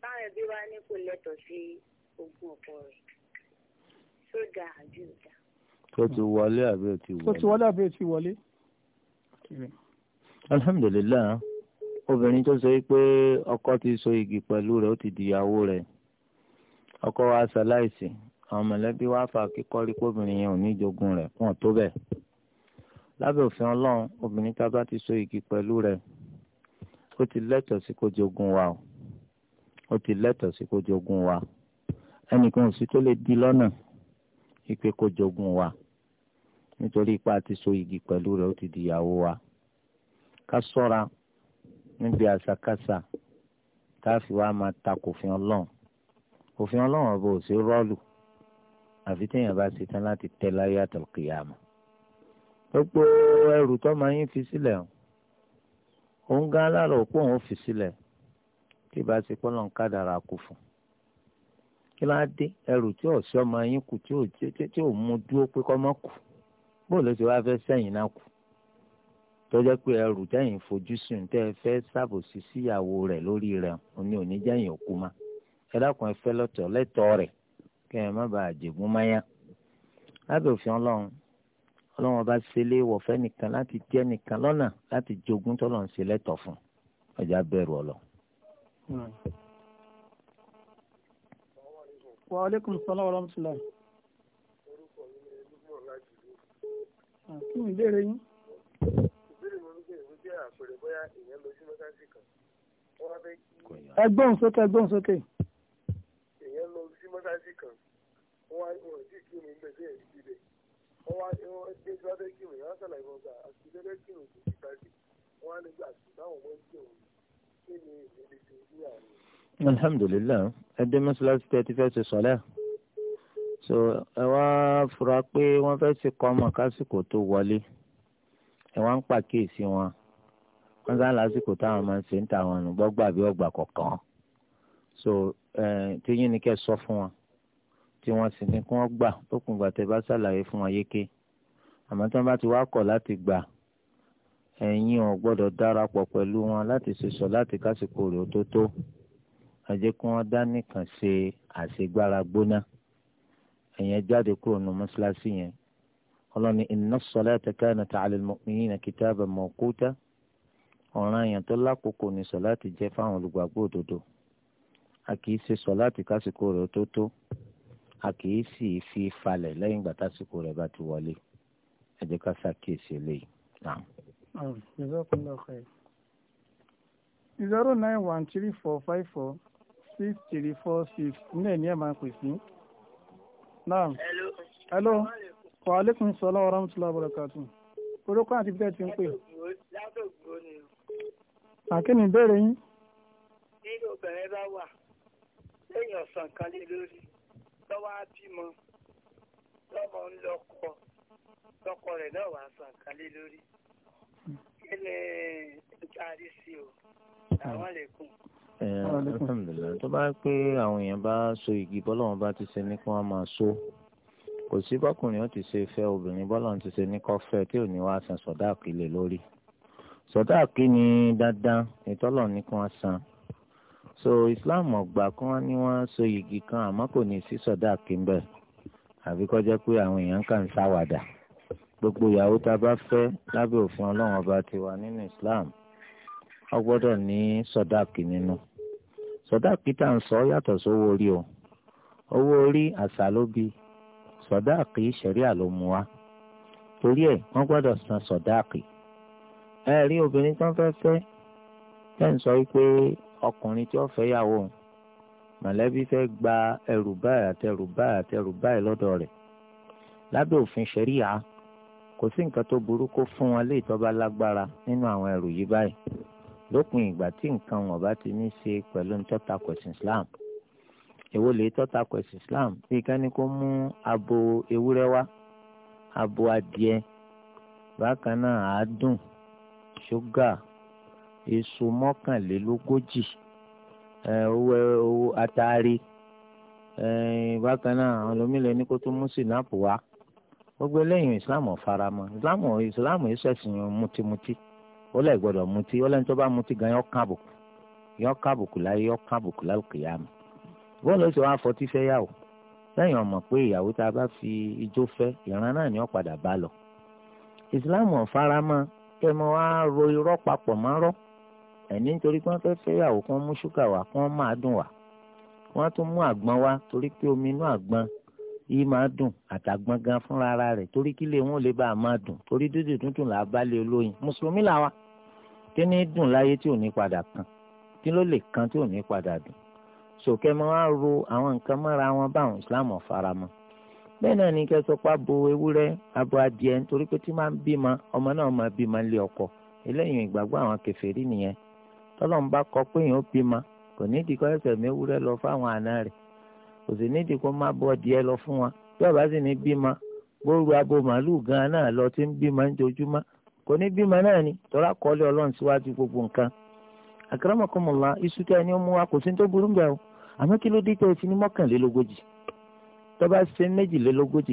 táwọn ẹbí wa ní kò lẹ́tọ̀ọ́ sí ogún ọkọ rẹ̀ sódà àbí òdà. tó ti wọlé àbí ò ti wọlé. tó ti wọlé àbí ò ti wọlé. alhamdulilayi obìnrin tó sọ pé ọkọ ti so igi pẹ̀lú rẹ̀ ó ti di ìyàwó rẹ̀ ọkọ wa ṣaláìsí àwọn mọ̀lẹ́bí wa fà kíkọ́rí kóbìnrin yẹn ò ní jogún rẹ̀ fún ọ̀tó bẹ́ẹ̀ lábẹ́ òfin ọlọ́run obìnrin tá a bá ti so igi pẹ̀lú rẹ̀ ó ti lẹ́tọ̀ọ́ sí kó jogún wa o ó ti lẹ́tọ̀ọ́ sí kó jogún wa ẹnìkan ò sí tó lè di lọ́nà ìpè kó jogún wa nítorí ipá ti so igi pẹ̀lú rẹ̀ ó ti di ìyàwó wa ká sọ́ra níbi àṣàkáṣà tá a fi wá máa takò òfin ọlọ́run òfin ọlọ́run ọba ò sí rọ́ọ̀lù àfi téèyàn bá ṣetán láti tẹ́ láyé àtọ̀kìyàmù gbogbo ẹrù tó máa yín fi sílẹ̀ òun gan aláàrọ̀ òpó òun fi sílẹ̀ tí bá ti pọ́n lọ́n kádàrà kú fún kí ló á dé ẹrù tí ò sí ọmọ yín kù tí ò mú dúró pé kọ́ mọ́ kù bó ló ti wá fẹ́ sẹ́yìn náà kù tọ́jọ́ pé ẹrù jẹ́yìn fojú sùn tẹ́ ẹ fẹ́ ṣàbòsí síyàwó rẹ̀ lórí rẹ̀ òní òní jẹ́yìn òkú ma ẹ dákun ẹ fẹ́ lọ́tọ̀ lẹ́tọ̀ọ́ rẹ̀ kẹ́ ẹ má bàa jẹ̀gún máyà lábẹ́ òfin ọlọ́run ọlọ́run ọba ṣẹlẹ̀ wọ̀fẹ́ nìkan láti jẹ́ nìkan lọ́nà láti jogún tọ́lọ́run ṣe lẹ́tọ̀ọ́ fún ọjà bẹ̀rù ọlọ́run. Hmm. wa aleykum salaam wa rahmatulah. kí ni ìbéèrè yín. ìbéèrè mi ni èmi jẹ́ àpẹẹrẹ bóyá èèyàn lọ sí kan wọ́n wá fẹ́ kí. ẹgbọ́n sókè ẹgbọ́n sókè. èèyàn lọ sí kan wọ́n wá wọ́n sì kí mi bẹ̀ bẹ́ẹ̀ sí ibẹ̀ wọ́n wá ní wọ́n dé wọ́n fẹ́ kí mi wọ́n sàlàyé wọn gbà àti ìdẹ́gbẹ́ kí mi kò sí ìbáṣe wọ́n wá nígbà tí báwọn mọ́ ń kí alhamdulilayi ẹ dé mọ́ṣáláṣí tẹ́ ẹ ti fẹ́ ṣe sọ́lẹ́ so ẹ wá fura pé wọ́n fẹ́ ṣe kọ́ ọmọ kásìkò tó wọlé ẹ wá ń pàkíyèsí wọn wọ́n sá lásìkò táwọn máa ń ṣe ń ta àwọn ọ̀nà gbọ́gbà bí ọgbà kọ̀ọ̀kan so tí yín ni kẹ́ sọ fún wọn tí wọ́n sì ní kí wọ́n gbà tó kùn gbà tẹ́ bá ṣàlàyé fún wọn yéké àmọ́ tí wọ́n bá ti wá kọ̀ láti gbà ẹ̀yin ò gbọ́dọ̀ darapọ̀ pẹ̀lú wọn láti ṣe sọ láti kásìkò rẹ̀ ó tó tó àjẹ́ kí wọ́n dá nìkan ṣe àṣegbára gbóná ẹ̀yin jáde kúrò nù mọ́ṣáláṣí yẹn ọlọ́ni inna salata kanat ala al-mu'minina kitaban mawquta ọ̀ràn èèyàn tó lákòókò ní sọ láti jẹ́ fáwọn olùgbàgbọ́ òdodo a kì ṣe sọ láti kásìkò rẹ̀ tó a kì sì fi falẹ̀ lẹ́yìn ìgbà rẹ̀ bá ti wọlé ẹ ká ṣàkíyèsí eléyìí Oh, jazakumullahu khair zero nine one three four five four six three four six ní ẹ̀ ní ẹ̀ máa ń pè sí. naam hello wa aleykum salaam wa rahmatullahi wa barakatuh orúkọ àti bíi ẹ ti ń pè. àkínní ìbéèrè yín. nínú obìnrin bá wà lẹ́yìn ọ̀sán kan lé lórí lọ́wọ́ á lọ́mọ ńlọkọ lọ́kọ rẹ̀ náà wà sàn kan lé lórí alhamdulilayi tó bá pé àwọn èèyàn bá so igi bọ́lọ́wọ́n bá ti ṣe ní kí wọ́n máa so kò sí bọ́kùnrin ó ti ṣe fẹ́ obìnrin bọ́lọ́wọ́n ti ṣe ní kọ́ fẹ́ tí ò ní wá san sọ̀dáàkì lé lórí sọ̀dáàkì ni dandan ìtọ́lọ̀ ní kí wọ́n san so islam ọ̀gbà kí wọ́n ní wọ́n so igi kan àmọ́ kò ní sí sọ̀dáàkì ń bẹ̀ àbí kọjá pé àwọn èèyàn kàn ń sáwàdà gbogbo ìyàwó tá a bá fẹ́ lábẹ́ òfin ọlọ́run ọba ti wà nínú islam ó gbọ́dọ̀ ní sọdáàkì nínú sọdáàkì tá à ń sọ yàtọ̀ sówó orí o owó orí àṣà ló bí sọdáàkì ṣẹ̀ríà ló mú wa torí ẹ̀ wọ́n gbọ́dọ̀ san sọdáàkì ẹ rí obìnrin tán fẹ́ fẹ́ tẹ́ ń sọ pé ọkùnrin tí ó fẹ́ yàwó mọ̀lẹ́bí fẹ́ gba ẹrù báyìí àtẹrù báyìí àtẹrù báyìí lọ́dọ̀ rẹ̀ lábẹ́ òfin ṣẹ̀ríà kò sí nǹkan tó burú kó fún wọn lé ìtọ́ba lágbára nínú àwọn ẹrù yìí báyìí lópin ìgbà tí nǹkan wọn bá ti ní ṣe pẹ̀lú ntọ́ta kwẹ̀sìn Islam èwo lè tọ́ta kwẹ̀sìn Islam bí kání kó mú abo ewúrẹ́ wá abo adìẹ bákan náà àádùn ṣúgà èso mọ́kànlélógójì owó atari bákan náà àwọn olómìnira ní kó tó mú sinapu wá gbogbo eléyìí islam fara mọ́ islam islam yìí ṣẹ̀sìn mutimuti ó lẹ̀ gbọ́dọ̀ mutí ó lẹ́ni tó bá mutí gan yọ káàbùk yọ káàbùk láyé yọ káàbùk lálùkìyàmù bọ́ọ̀lù ló ṣe wá fọtí fẹ́ yàwó lẹ́yìn ọmọ pé ìyàwó tá a bá fi ijó fẹ́ ìran náà ni ó padà bá lọ islam fara mọ́ kẹ́ mọ́ wá ro irọ́ papọ̀ mọ́ rọ́ ẹ̀ní nítorí pé wọ́n fẹ́ fẹ́ yàwó kí wọ́n mú ṣúgà wá kí wọ́n máa dùn wá wọ́n tún mú àgbọn wá torí pé omi inú àgbọn yìí máa dùn àtàgbọ́n gan fúnra ara rẹ̀ torí kílé wọn lè bá a máa dùn torí dídì tuntun là á bá lé olóyin mùsùlùmí là wa kí ni dùn láyé tí ò ní padà kan kí ló lè kan tí ò ní padà dùn sòkè máa wá ro àwọn nǹkan mọ́ra wọn báwọn Islam ọ̀faramọ́ bẹ́ẹ̀ náà ni kẹsọ́pá bo ewúrẹ́ abo adìẹ nítorí pé tí máa ń bímọ ọmọ náà máa bímọ lé ọkọ eléyìí ìgbàgbọ́ àwọn kèfèrí nìyẹn tọ́lọ́mùbá kọ pé èèyàn bímọ kò ní ìdíkọ́ ẹsẹ̀ mẹ́wúrẹ́ lọ fáwọn àna rẹ̀ oze sì ma kó má bọ́ díẹ̀ lọ fún wa tí ọba sì ní bímọ gbóòrò abo màálùú gan náà lọ tí ń bímọ níjojúmọ́ kò ní bímọ náà ni tọ́lá kọ́lé ọlọ́run síwájú gbogbo nǹkan àkàràmọ̀kọ́mọ̀lá iṣu tí ẹni ó mú wa kò sí ní tó burú bẹ́ẹ̀ o àmọ́ kí ló dé tẹ́ ẹ ní mọ́kànlélógójì tọ́ba ṣe méjìlélógójì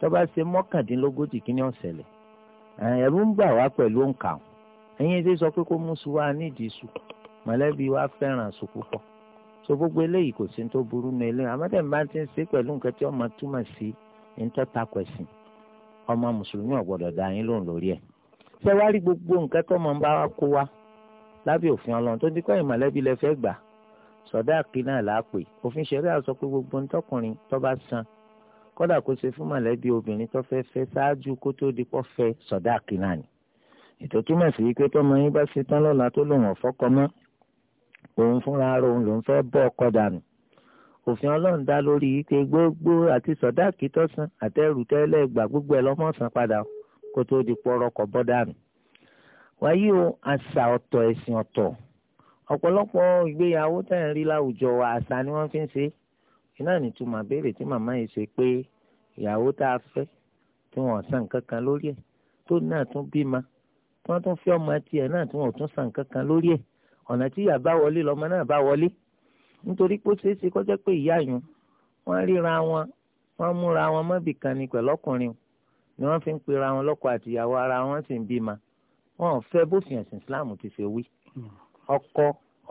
tọ́ba ṣe mọ́kàndínlógójì ń wá pẹ̀lú òǹkà ẹ̀yin su wa nídìí mọ̀lẹ́bí wa so gbogbo eléyìí kò sí ní tó burú nu eléyìí àmọ́tẹ́ bá ti ń ṣe pẹ̀lú nǹkan tí ọmọ túmọ̀ sí ń tọ́ ta kwẹ̀sìn ọmọ mùsùlùmí ọ̀gbọ́dọ̀ dá yín lóhùn lórí ẹ̀ ṣé wàá rí gbogbo nǹkan tó mọ̀ ń bá wa kó wa lábẹ́ òfin ọlọ́run tó ti kọ́ ìmọ̀lẹ́bí lẹ fẹ́ gbà sọ̀dá àpín náà là òfin ṣẹ̀rí àsọ pé gbogbo ntọ́kùnrin tó bá san kódà kó ṣe fún mọ̀lẹ́bí obìnrin tó fẹ́ fẹ́ ṣáájú kó tó di pọ́ fẹ́ sọ̀dá àpín náà ni ètò túmọ̀ sí wípé tọ́mọ yín bá ṣe tán lọ́la tó lòun ọ̀fọ́kọ mọ́ òun fúnra rẹ̀ òun lòún fẹ́ bọ́ ọkọ dànù òfin ọlọ́run dá lórí ike gbogbo àti sọ̀dáàkì tọ́sán àtẹrù tẹlẹ gbà gbogbo ẹ̀ lọ́mọ̀sán padà kó tó di pọrọkọ bọ dànù. wáyé o àṣà ọ̀tọ̀ ẹ̀sìn ọ̀tọ̀ ọ̀pọ̀lọpọ̀ ìgbéyàwó tẹ̀ ń rí láwùjọ àṣà ni wọ́n fi ń ṣe iná nìtumọ̀ béèrè tí màmá yìí ṣe pé ìyàwó tá a fẹ́ tí wọ́n san kankan lórí ẹ̀ tó náà tún bímọ tí wọ́n tún fi ọmọ tiẹ̀ náà tí wọ́n tún san kankan lórí ẹ̀ ọ̀nà tí ìyá bá wọlé lọ́mọ náà bá wọlé nítorí pé ó ṣeé ṣe kó jẹ́ pé ìyá yun wọ́n ríra wọn wọ́n múra wọn mọ́bì kan ni pẹ̀lú ọkùnrin ni wọ́n fi ń pera wọn lọ́kọ àtìyàwó ara wọn sì ń bímọ wọn ò fẹ́ bófin ẹ̀sìn Islam ti ṣe wí ọkọ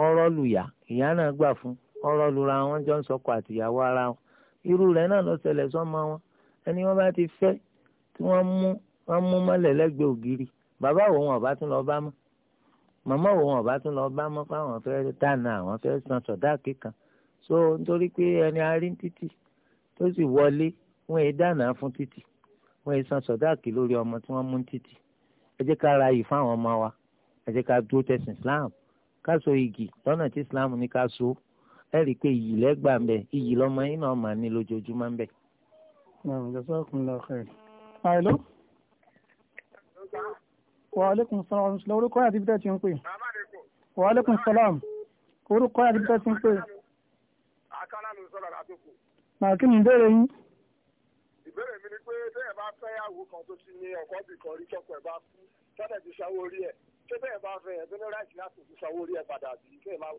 ọ̀rọ̀ lùyà ìyá náà gbà fún ọ̀rọ̀ lura wọn jọ ń sọkọ àtìyàwó ara wọn irú rẹ̀ náà ló ṣẹlẹ̀ sọ́mọ wọn ẹni wọ́n bá ti fẹ́ tí wọ́n mú wọ́n mú mọ́lẹ̀ lẹ́gbẹ̀ẹ́ ògiri bàbá òun ọ̀bá tún lọ bá mọ́ màmá òun ọ̀bá tún lọ bá mọ́ pé àwọn fẹ́ẹ́ dáná àwọn fẹ́ẹ́ san sọ̀dáàkì kan so nítorí pé ẹni arí títì tó sì wọlé wọn èé dáná fún títì wọn èé san sọ̀dáàkì lórí ọmọ tí wọ́n mú títì ẹ jẹ́ ká ra yìí fáwọn ọmọ wa ẹ jẹ́ ká dúró tẹ̀sìn Islam ká so igi lọ́nà tí Islam ní ká so ẹ rí i pé iyì lẹ́gbà ń bẹ iyì lọ́mọ yín náà mà ní lójoojúmọ́ ń bẹ. àlọ́ wàhálẹ́kùn sọ́lá orúkọ àti bíbẹ́ ti ń pè. wàhálẹ́kùn sọ́lá orúkọ àti bíbẹ́ ti ń pè. àkàrà ló sọ̀rọ̀ àtòkù. màá kí ni ìbéèrè yín. ìbéèrè mi ni pé bẹ́ẹ̀ bá fẹ́yàwó kan tó ti ní ọkọ bì kan rí tọkọ ẹ̀ bá kú tọ́lẹ̀ ti sanwó orí ẹ̀ ṣé bẹ́ẹ̀ bá fẹ́ ẹ̀ ní ráìtì láti fi sanwó orí ẹ̀ padà bí bẹ́ẹ̀ máa.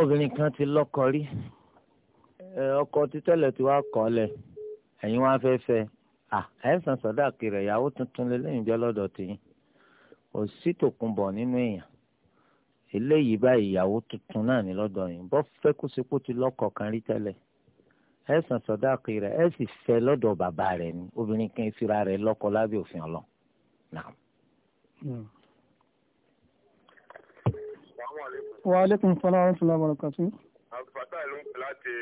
obìnrin kan ti lọ́kọ rí ọkọ títẹ́lẹ̀ tí wàá kọ́ lẹ̀ ẹ̀yin wàá fẹ́ fẹ́ ẹ san sọdá kiri ìyàwó tuntun lẹ́yìn jẹ́ lọ́dọ̀ tìyín kò sí tòkunbọ̀ nínú èèyàn eléyìí báyìí ìyàwó tuntun náà ní lọ́dọ̀ yìí bọ́ fẹ́ kó sepó ti lọ́kọ̀ kan rí tẹ́lẹ̀ ẹ san sọdá kiri ẹ sì fẹ́ lọ́dọ̀ bàbá rẹ̀ ni obìnrin kan fira rẹ̀ lọ́kọ lábẹ́ òfin ọlọ́ wa aleykum salaam wa rahmatulah wa barakatuh. àbùfàtà ìlú láti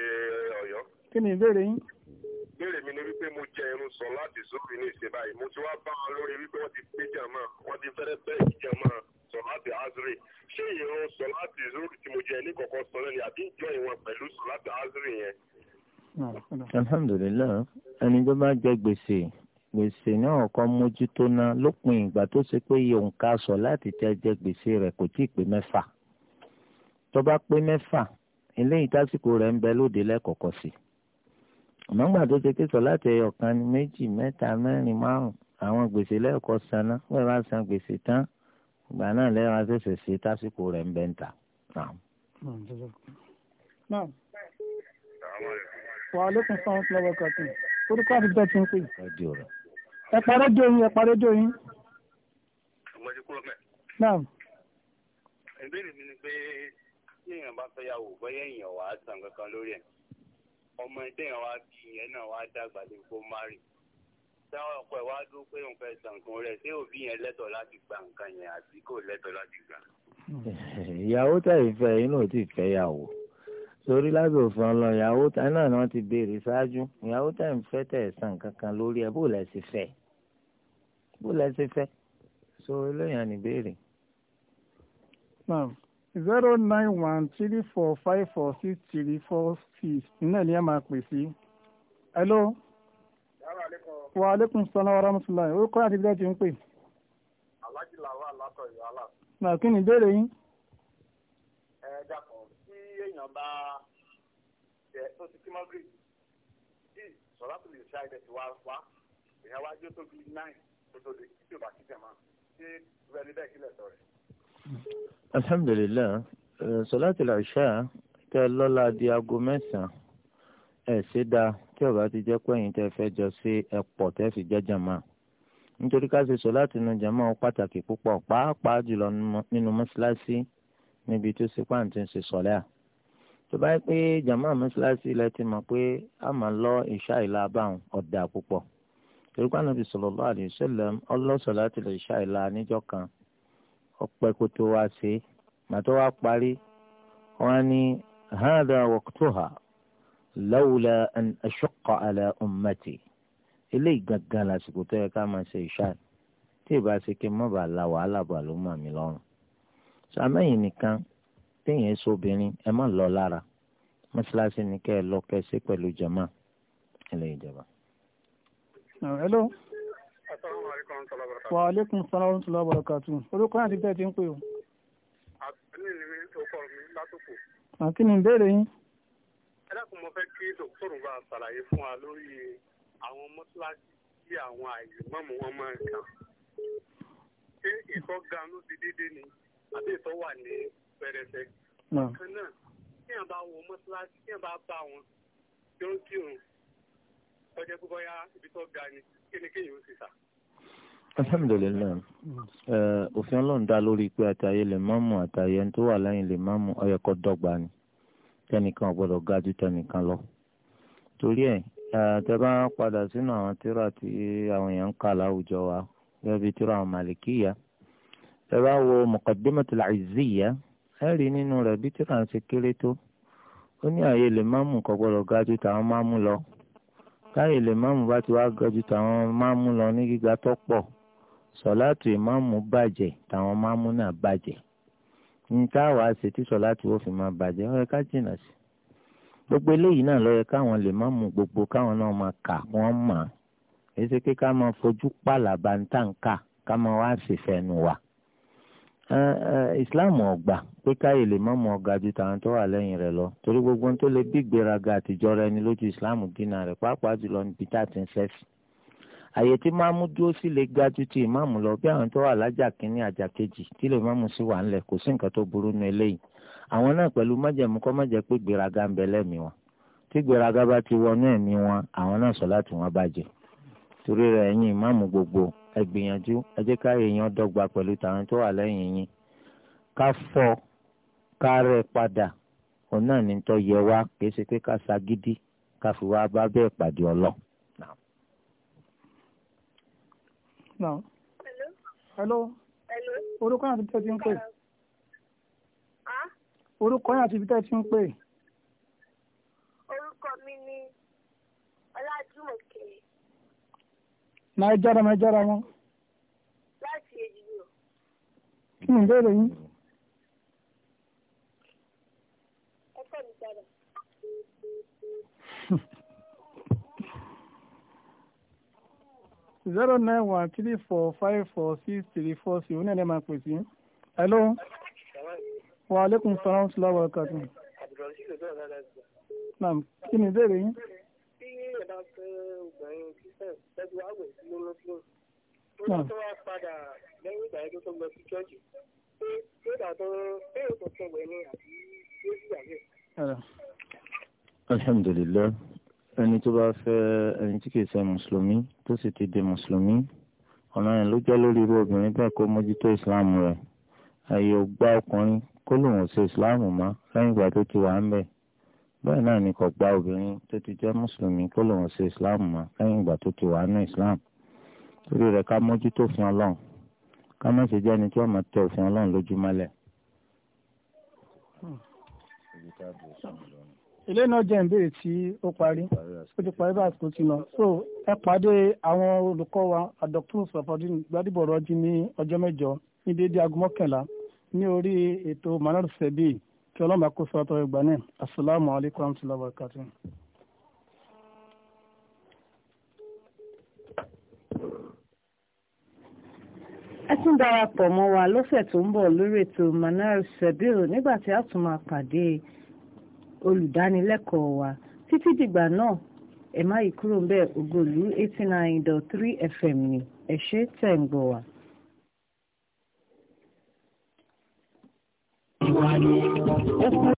Ọ̀yọ́. kí ni ìbéèrè yín ìbéèrè mi ni wípé mo jẹ irun sọ láti sórí ní ìṣe báyìí mo ti wá bá wọn lórí wípé wọ́n ti pé jàmọ wọ́n ti fẹrẹ bẹ́ẹ̀ ìjàmọ sọ láti azri ṣé irun sọ láti sórí tí mo jẹ ní kọkọ sọ lẹni àbí ìjọ ìwọn pẹ̀lú sọ láti azri yẹn. alhamdulilayi ẹni tó bá jẹ gbèsè gbèsè náà kọ́ mójútó ná lópin ìgbà tó ṣe pé iye òǹkà sọ láti jẹ́ jẹ́ gbèsè rẹ̀ kò tí ì pé mẹ́fà tó bá pé mẹ́fà eléyìí tásìkò rẹ̀ ń bẹ lóde lẹ́kọ̀ọ́kọ́ sí i àmọ́ ńgbà tó ṣe pé sọlá tẹ ọ̀kan ní méjì mẹ́ta mẹ́rin márùn àwọn gbèsè lẹ́ẹ̀kọ́ saná wọ́n bá san gbèsè tán ìgbà náà lẹ́yìn wá ṣẹ̀ṣẹ̀ ṣe tásìkò rẹ̀ ń bẹ́ ń ta. wà á lókun sáwọn fúlọ́wọ́ kàtó orúkọ àtijọ́ ti ń pè. ẹ parọ́ dé oyin ẹ parọ́ dé oyin. naam. ìbéèrè mi ni pé bí èèyàn bá fẹ́ yàwó bọ́yá èèyàn wà á san kankan lórí ẹ̀ ọmọ ẹdẹ yẹn wá bí yẹn náà wá dàgbà lè kó mari táwọn ọkọ ẹ wá dúró pé òun fẹ́ san nǹkan rẹ̀ ṣé òbí yẹn lẹ́tọ̀ọ́ láti gba nǹkan yẹn àbí kò lẹ́tọ̀ọ́ láti gbà. ìyàwó tàbí fẹ́ inú ò tí ì fẹ́ yàwó torí lábẹ́ òfin ọlọ́run ìyàwó tá náà ni wọ́n ti béèrè ṣáájú ìyàwó tá ń fẹ́ tẹ̀sán kankan lórí ẹ̀ bó lẹ̀ ṣe fẹ́ bó lẹ̀ ṣe fẹ́ so eléyàn ni béèrè zero nine one three four five four six three four six náà ni ẹ máa pè sí. hello. wa aleykum salaam wa rahmatulahi orúkọ àti bí wọ́n ti ń pè. alájí làwọn alátọ̀ ìyá àlà. nà kí ni ìbéèrè yín. ẹ dàpọ̀ tí èèyàn bá jẹ tó ti kí mọ́gírì tí sọ̀rọ̀ tó lè àìdẹ̀ tí wàá wá èèyàn wá jó tóbi náì tó tó lè kí tí ò bá kí tẹ̀ máa ṣé rẹ̀ ní bẹ́ẹ̀ kílẹ̀ sọ̀rọ̀ alhamdulilayi sọláàtì làṣà tẹ lọ́la di aago mẹ́sàn-án ẹ̀ ṣe dá tí ọba ti jẹ́ pẹ́yìn tẹ fẹ́ jọ sí ẹ̀pọ̀ tẹ́ fi jẹ́ jàmá nítorí ká ṣe sọláàtì nu jàmá ó pàtàkì púpọ̀ pàápàá jùlọ nínú mọ́ṣáláṣí níbi tó ṣe pàǹtí ń ṣe sọ̀lẹ́ à tó bá yẹ pé jàmá mọ́ṣáláṣí ilẹ̀ ti mọ̀ pé a máa lọ ìṣá ìlà abáhùn ọ̀dà púpọ̀ torí pé Ànábì sallallahu alaihi wasallam ọlọ́sọ̀lá tilẹ̀ ìṣá ìlà níjọ́ kan ọpẹ́ kó tó wá ṣe màtó wá parí wọn ní hàdà waqtuha lawla an ashqa ala ummati eléyìí gangan lásìkò tó yẹ ká máa ṣe ìṣáà tí ì bá ṣe kí n má bàa la wàhálà bà ló mà mí lọ́rùn sàmẹ́yìn nìkan téèyàn sọ obìnrin ẹ má lọ lára mọ́ṣáláṣí ni kẹ́ ẹ lọ kẹ́ ṣe pẹ̀lú jàmá ẹ lè jàmá. hello wa aleykum salaam wa rahmatulah barakatu orúkọ náà ti bẹ́ẹ̀ ti ń pè o. àbúrò ni mi ò kọ mi látòkò. àti ní ìbéèrè yín. ẹ dákun mo fẹ́ kí dókítà bá ṣàlàyé fún wa lórí àwọn mọ́ṣáláṣí tí àwọn àyè mọ́mú wọn máa ń kàn. ṣé ìtọ́ ganu ti dédé ni àbí ìtọ́ wà ní pẹrẹsẹ. bákan náà kí ẹ̀ bá wo mọ́ṣáláṣí kí ẹ̀ bá bá wọn tí ó ń kírun ọjọ́ pípọ́ yá ga ni kí alhamdulilayi eh, òfin ọlọ́run dá lórí pé àtàyè lè má mú àtàyè tó wà lẹ́yìn lè má mú ọyẹ kó dọ́gba ni tẹnìkan ò gbọ́dọ̀ ga ju tẹnìkan lọ. torí ẹ̀ tẹ bá padà sínú àwọn tíra tí àwọn èèyàn ń kà láwùjọ wa gẹ́gẹ́ bí tíra àwọn màlìkíyà tẹ bá wo muqaddimatul izziya ẹ rí nínú rẹ̀ bí tíra ń ṣe kéré tó ó ní àyè lè má mú kò gbọ́dọ̀ ga ju tàwọn má mú lọ táyè lè má mú bá ti wá ga ju tàwọn má mú lọ ní gíga tó pọ̀ sọ̀láàtù ìmáàmù bàjẹ́ táwọn máàmù náà bàjẹ́ ní táwa ṣe tí sọ̀láàtù ó fi máa bàjẹ́ ó yẹ ká jìnnà sí gbogbo eléyìí náà ló yẹ káwọn lè má mú gbogbo káwọn náà máa kà wọ́n mọ̀ ẹ́ ṣe pé ká máa fojú pàlàbà ń tà ń kà ká máa wá ṣèfẹ́ nu wa. Islam ọgbà pé káyè lè má mú ọgá ju tàwọn tó wà lẹ́yìn rẹ̀ lọ torí gbogbo ohun tó lè bí ìgbéraga àtijọ́ rẹ ni lójú Islam dínà rẹ̀ pàápàá jùlọ níbi tá a ti ń ṣẹ́sìn àyè tí máàmù dúró sí lè ga ju ti ìmáàmù lọ bí àwọn tó wà lájà kínní àjà kejì tí lè máàmù sí wà ńlẹ̀ kò sí nǹkan tó burú nu eléyìí àwọn náà pẹ̀lú májẹ̀mú kọ́ májẹ̀ pé gbéraga ń bẹ lẹ́mí wọn tí gbéraga bá ti wọnú ẹ̀mí wọn àwọn náà sọ láti wọn bàjẹ́ torí rẹ̀ ẹ̀yin ìmáàmù gbogbo ẹ gbìyànjú ẹ jẹ́ ká èèyàn dọ́gba pẹ̀lú tàwọn tó wà lẹ́yìn yín ká fọ ká rẹ padà òun náà ní tó yẹ wá kì í ṣe pé ká ṣagídí ká fi wá bá bẹ́ẹ̀ pàdé ọlọ́ọ̀ náà. hello. hello. orúkọ yẹn àti ibi tẹ́ ti ń pè. Ah? orúkọ yẹn àti ibi tẹ́ ti ń pè. orúkọ mi ni Ọlájúmọ̀kẹ́. náà ẹ jára máa jára wọn. láti èjì lò. kí ni ìbéèrè yín. zero nine one three four five four six three four six onílẹ̀ máa pè sí. hello. wa aleykum salaam wa rahmatulah wa barakatuh. naam kí ni ìbéèrè yín. tí ẹ̀dá fẹ́ obìnrin christian ṣẹ́gun àwẹ̀ sí lónà sí òun. tó bá tó wá padà lẹ́yìn ìgbà yẹn tó tó lọ sí chọ́ọ̀chì. ṣé ìgbà tó bẹ́ẹ̀ tó tẹ̀wẹ̀ ni àbí yóò sì yàgbẹ́. alhamdulilayi ẹni tó bá fẹ́ ẹni tí kìí ṣe mùsùlùmí tó sì ti di mùsùlùmí ọ̀nà yẹn ló jẹ́ lórí irú obìnrin bẹ́ẹ̀ kó mójútó ìsìláàmù rẹ̀ ààyè ò gba ọkùnrin kó lòun ò ṣe ìsìláàmù mọ́ lẹ́yìn ìgbà tó ti wà ń bẹ̀ bẹ́ẹ̀ náà ni kò gba obìnrin tó ti jẹ́ mùsùlùmí kó lòun ò ṣe ìsìláàmù mọ́ lẹ́yìn ìgbà tó ti wà nù ìsìláàmù torí rẹ̀ ká mójútó fún ọlọ́run ká má ṣe jẹ́ ẹni tí wọ́n máa tẹ òfin ọlọ́run lójúmọ́lẹ̀. Hmm ilé náà jẹ́ ìbéèrè tí ó parí ó ti parí báyìí kò ti lọ so ẹ pàdé àwọn olùkọ́ wa adọ́kùn sọ̀fọ́dún gbadébọ̀ rọ́jí ní ọjọ́ mẹ́jọ ní déédé aago mọ́kànlá ní orí ètò manar sebi kí ọlọ́mọ àkóso ọtọ ìgbà náà asalaamualeykum wa rahmatulahi wa barakatuh. ẹ tún darapọ̀ mọ́ wa lọ́sẹ̀ tó ń bọ̀ lórí ètò manar sebi nígbà tí a tún máa pàdé olùdánilẹ́kọ̀ọ́ wa títí dìgbà náà ẹ má yí kúrò ńbẹ̀ Ògòlú eighty nine dot three FM ni ẹ ṣé tẹ̀ ń gbọ́ wa.